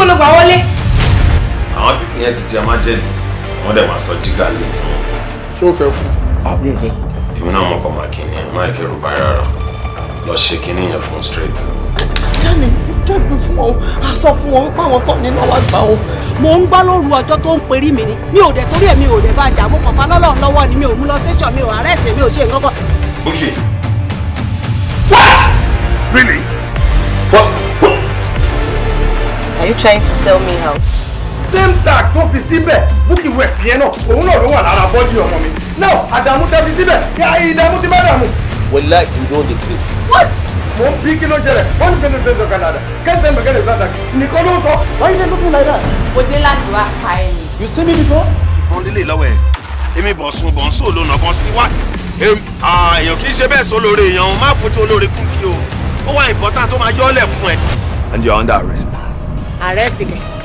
níbo ló gbà wọlé. àwọn pípì yẹn ti di amájẹ́ni wọ́n dẹ̀ máa sọ jígà létí wọn. ṣé o fẹ́ kú àbí ah, o fẹ́. èmi náà mọ̀ kọ́ máa kí ni máìkì rúbá rárá lọ ṣe kinní yẹn fún straight. jáde dẹ́gbẹ́ fún ọ a sọ fún ọ wípé àwọn tó ní náà wá gbà ọ. mo ń gbá lóru ọjọ́ tó ń perí mi ni mi ò dẹ̀ torí ẹ̀ mi ò dẹ̀ bá jà mo kàn fa lọ́lọ́run lọ́wọ́ ni mi ò mú lọ you trying to sell me out? same tag tó fi síbẹ̀ búkì west you know. yẹn náà òun náà ló wà No, bọ́dí ọmọ mi now àdàmú tẹ fi síbẹ̀ kí ayé ìdààmú ti bá dààmú. wàlá you know the place. what. no ń bí kí ló ṣẹlẹ̀ wọ́n ní pẹ̀lú tẹ̀sán kanada kẹ́sẹ̀ mẹ́kẹ́lẹ́ sàdàkì nìkan ló sọ why you dey look me like that. mo dé láti wá pa ẹ ni. you see me before. ìbọn délé lọ́wọ́ ẹ̀ èmi bọ̀ sùn bọ̀ ń sùn ló nàbọ̀ sí wá èèyàn kì í ṣe bẹ́ẹ̀ sólóore èèyàn má fojú olóore kún kí o ó wá important tó máa yọ́ ọ́lẹ̀ fún ẹ. and you are under arrest. Ahora sí que.